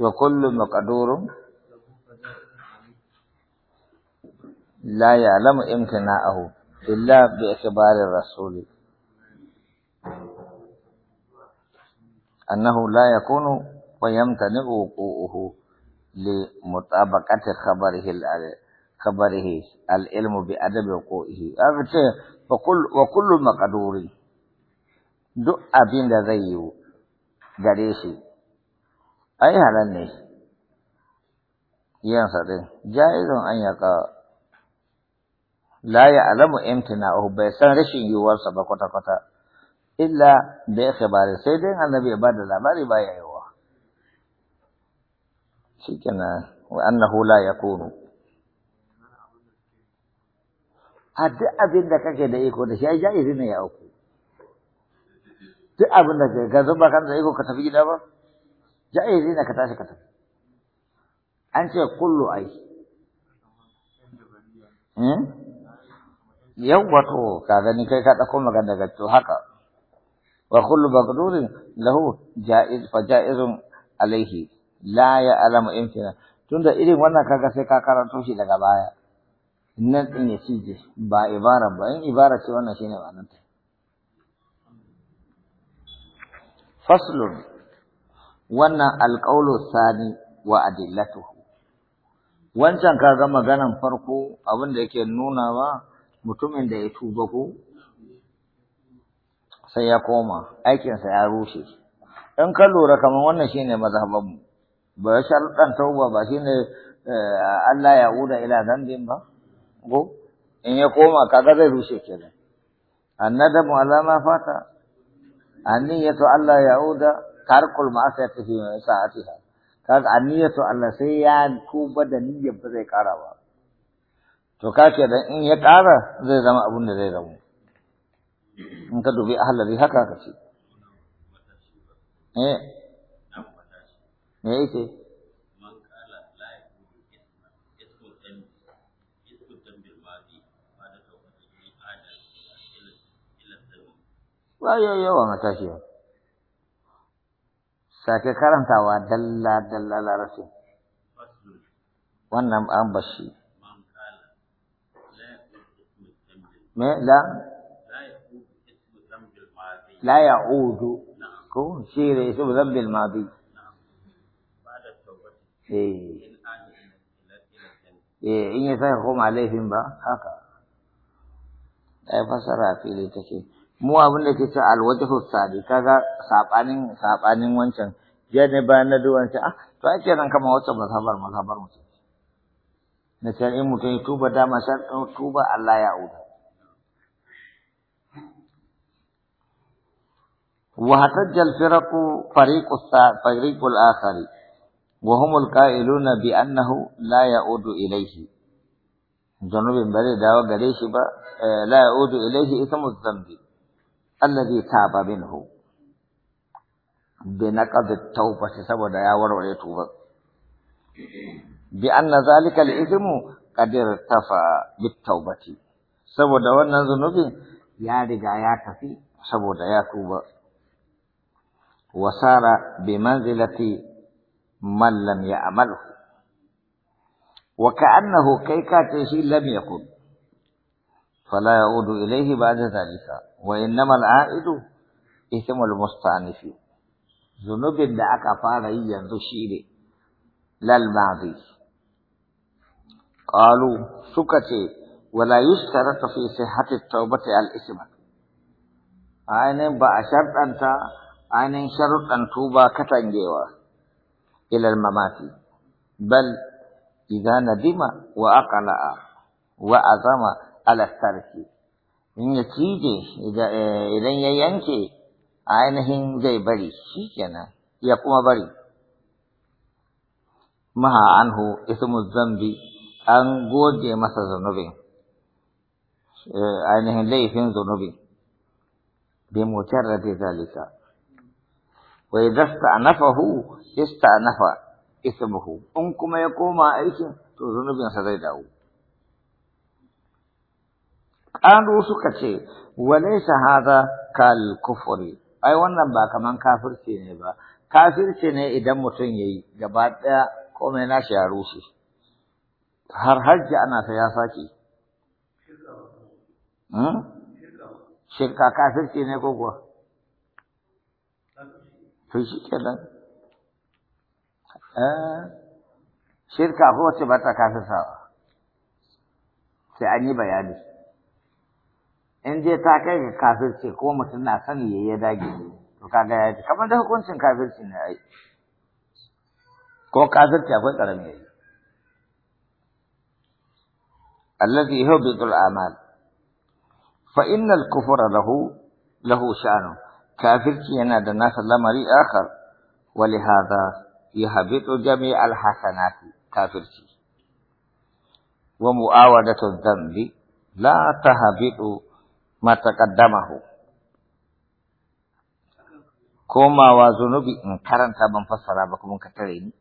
وكل مقدور لا يعلم امتناعه إلا باعتبار الرسول أنه لا يكون ويمتنع وقوعه لمطابقة خبره خبره العلم بأدب وقوعه وكل مقدور duk بين ذيو gare shi ai halal ne yin sa din jaizun an yaka la imtina imtina'uhu bai san rashin yiwuwarsa ba kwata kwata illa da ikhbari sai dai annabi ya bada labari ba ya yiwa shikenan wa annahu la yakunu a duk abin da kake da iko da shi ai jaizi ne ya uku? duk abin da ga zuba kan zai ka tafi gida ba jaizi na ka tashi ka tafi an ce kullu ai hmm? yau wato ka gani kai ka ɗauko magana daga to haka wa kullu bagdurin lahu jaiz fa jaizun alaihi la ya alamu imtina tunda irin wannan kaga sai ka karanto shi daga baya nan din ya cije ba ibara ba in ibara ce wannan shine ba nan ta faslun wannan alƙaulu sani wa adillatuhu wancan kaga maganan farko abin da yake nuna ba mutumin da ya tuba ko sai ya koma aikinsa ya rushe in ka lura kamar wannan shine mazhabanmu ba sharuɗan tauba ba shine eh, Allah ya huda ila zambin ba in ya koma kaga zai rushe kenan annadamu ala ma fata Allah ya uda tarkul ma'asiyati fi sa'atiha kaga anniyatu Allah sai ya tuba da niyyar ba zai kara ba to kace dan in ya kara zai zama abun da zai zama in ka dubi ahlali haka kace eh me yake ba yawa matashiya sake karantawa dalla dalla larabci wannan an bashi me la la ya'udu ko shi ne su zambil madi eh, eh in ya saka koma laifin ba haka ai fasara fili take mu abin da ke ce alwajahu sadi kaga sabanin sabanin wancan ya ne ba na duwan ta ah, to ake nan kama wata mazhabar mazhabar mu na san in mutum tuba da ma san tuba Allah ya uda wa hatajjal firaqu fariqu fariqul akhar wa humul qailuna bi annahu la ya'udu ilayhi zanubin bare dawo gare shi ba eh, la udu ilayhi ita muzambi الذي تاب منه بنقض التوبة سبب يا ورع بأن ذلك الإثم قد ارتفع بالتوبة سبب وأن ذنوب يا رجايا في سبب يا توبة وصار بمنزلة من لم يعمله وكأنه كيكاته لم يكن فلا يعود إليه بعد ذلك وإنما العائد إثم المستأنف ذنوب دعك فاري ذشير لا الماضي قالوا سكتي ولا يشترط في صحة التوبة الإثم أين بأشرط أنت أين شرط أن توبة كتنجيوا إلى الممات بل إذا ندم وأقلع وأظم alastarki in ya cije idan eh, ya yanke a ainihin zai bari shi kenan ya kuma bari maha anhu ismu zambi an goge masa zunubin eh, ainihin laifin zunubin bi mujarradi zalika wa idza sta'nafahu ista'nafa ismuhu in kuma ya koma aikin to zunubinsa zai dawo ƙaru suka ce walaisa shahada kal kufuri ai wannan ba kaman kafirce ne ba kafirce ne idan mutum yayi gaba ɗaya komai nashi ya rushe har hajji ana ta ya saki hmm? shirka kafirce ne ko kuwa to shi kenan eh, shirka ko wacce ba ta kafirta ba sai an yi bayani انجي تاكا كافر سي قوم سنة سنة يدا جيدي وكا جاية كما ده كون سن كافر سنة اي كو كافر سي اخوي قرم يدي الذي هو بيض الأعمال فإن الكفر له له شأنه كافر سي انا دنا سلام علي آخر ولهذا يهبط جميع الحسنات كافر سي ومؤاودة الذنب لا تهبط ma taqaddamahu komawa zunubi in karanta ban fassara ba kuma ka tare ni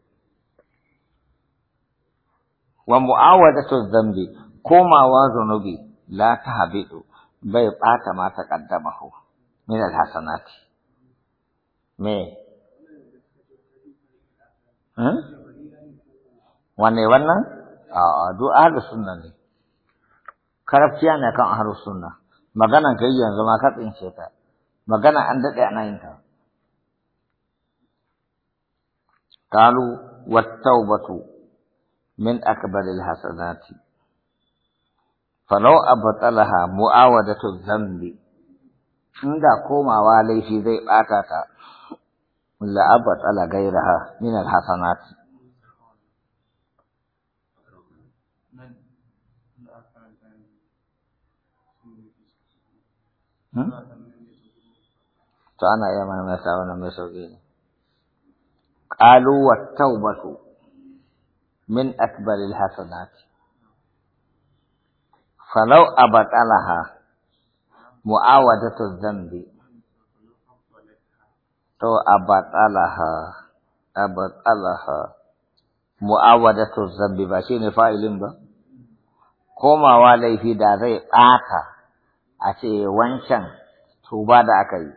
wa mu'awadatu dhanbi komawa zunubi la tahbidu bai bata ma taqaddamahu min alhasanati me hmm? wanne wannan a ah, du'a da sunna ne karafiya ne kan ahlus sunnah maganan kai yanzu ma ka tsince ta magana an daɗe ana yin ta qalu wattawbatu min akbaril hasanati fa law abatalaha muawadatu dhanbi inda komawa laifi zai bata ta la abatala gairaha min al hasanati to ana iya mana mai sa wannan mai sauƙi ne qalu wa tawbatu min akbaril hasanat falau abatalaha mu'awadatu dhanbi to abatalaha abatalaha mu'awadatu dhanbi ba shi ne fa'ilin ba komawa laifi da zai ɓata a ce wancan tuba da aka yi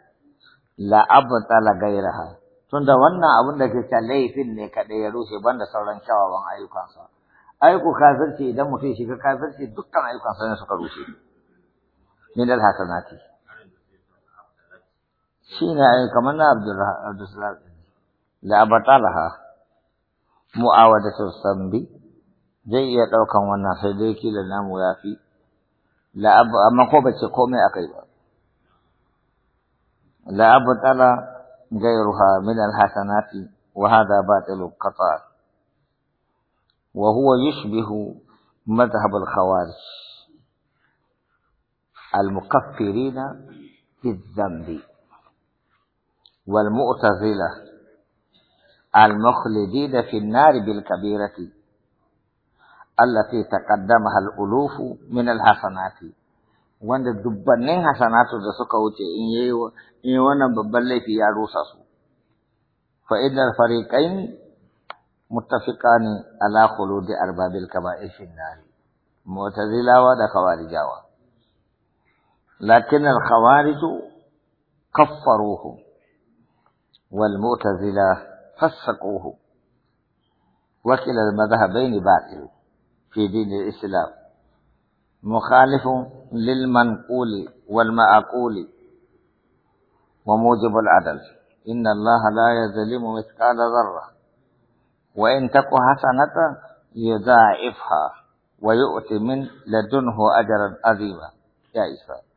la'abtala gairaha tunda wannan abin da ke ta laifin ne kaɗai ya rushe da sauran kyawawan ayyukansa aiko kafirci idan mutum shiga kafirci dukkan ayyukansa ne suka rushe min dal hasanati shine ayi kamar na abdulrahman la'abtalaha mu'awadatu bi. zai iya ɗaukan wannan sai dai kila namu ya fi. لا أب أما كوبا تكومي أقيل لا أب تلا غيرها من الحسنات وهذا باطل القطع وهو يشبه مذهب الخوارج المكفرين الذنب والمؤتزلة المخلدين في النار بالكبيرة التي تقدمها الألوف من الحسنات وند دبن حسنات دسو إن يو إن ونا ببلي في عروساسو فإذا الفريقين متفقان على خلود أرباب الكبائر في النار معتزلة ودا لكن الخوارج كفروه والمعتزلة فسقوه وكلا المذهبين باطل في دين الإسلام مخالف للمنقول والمعقول وموجب العدل إن الله لا يظلم مثقال ذرة وإن تك حسنة يضاعفها ويؤتي من لدنه أجرا عظيما يا إسرائيل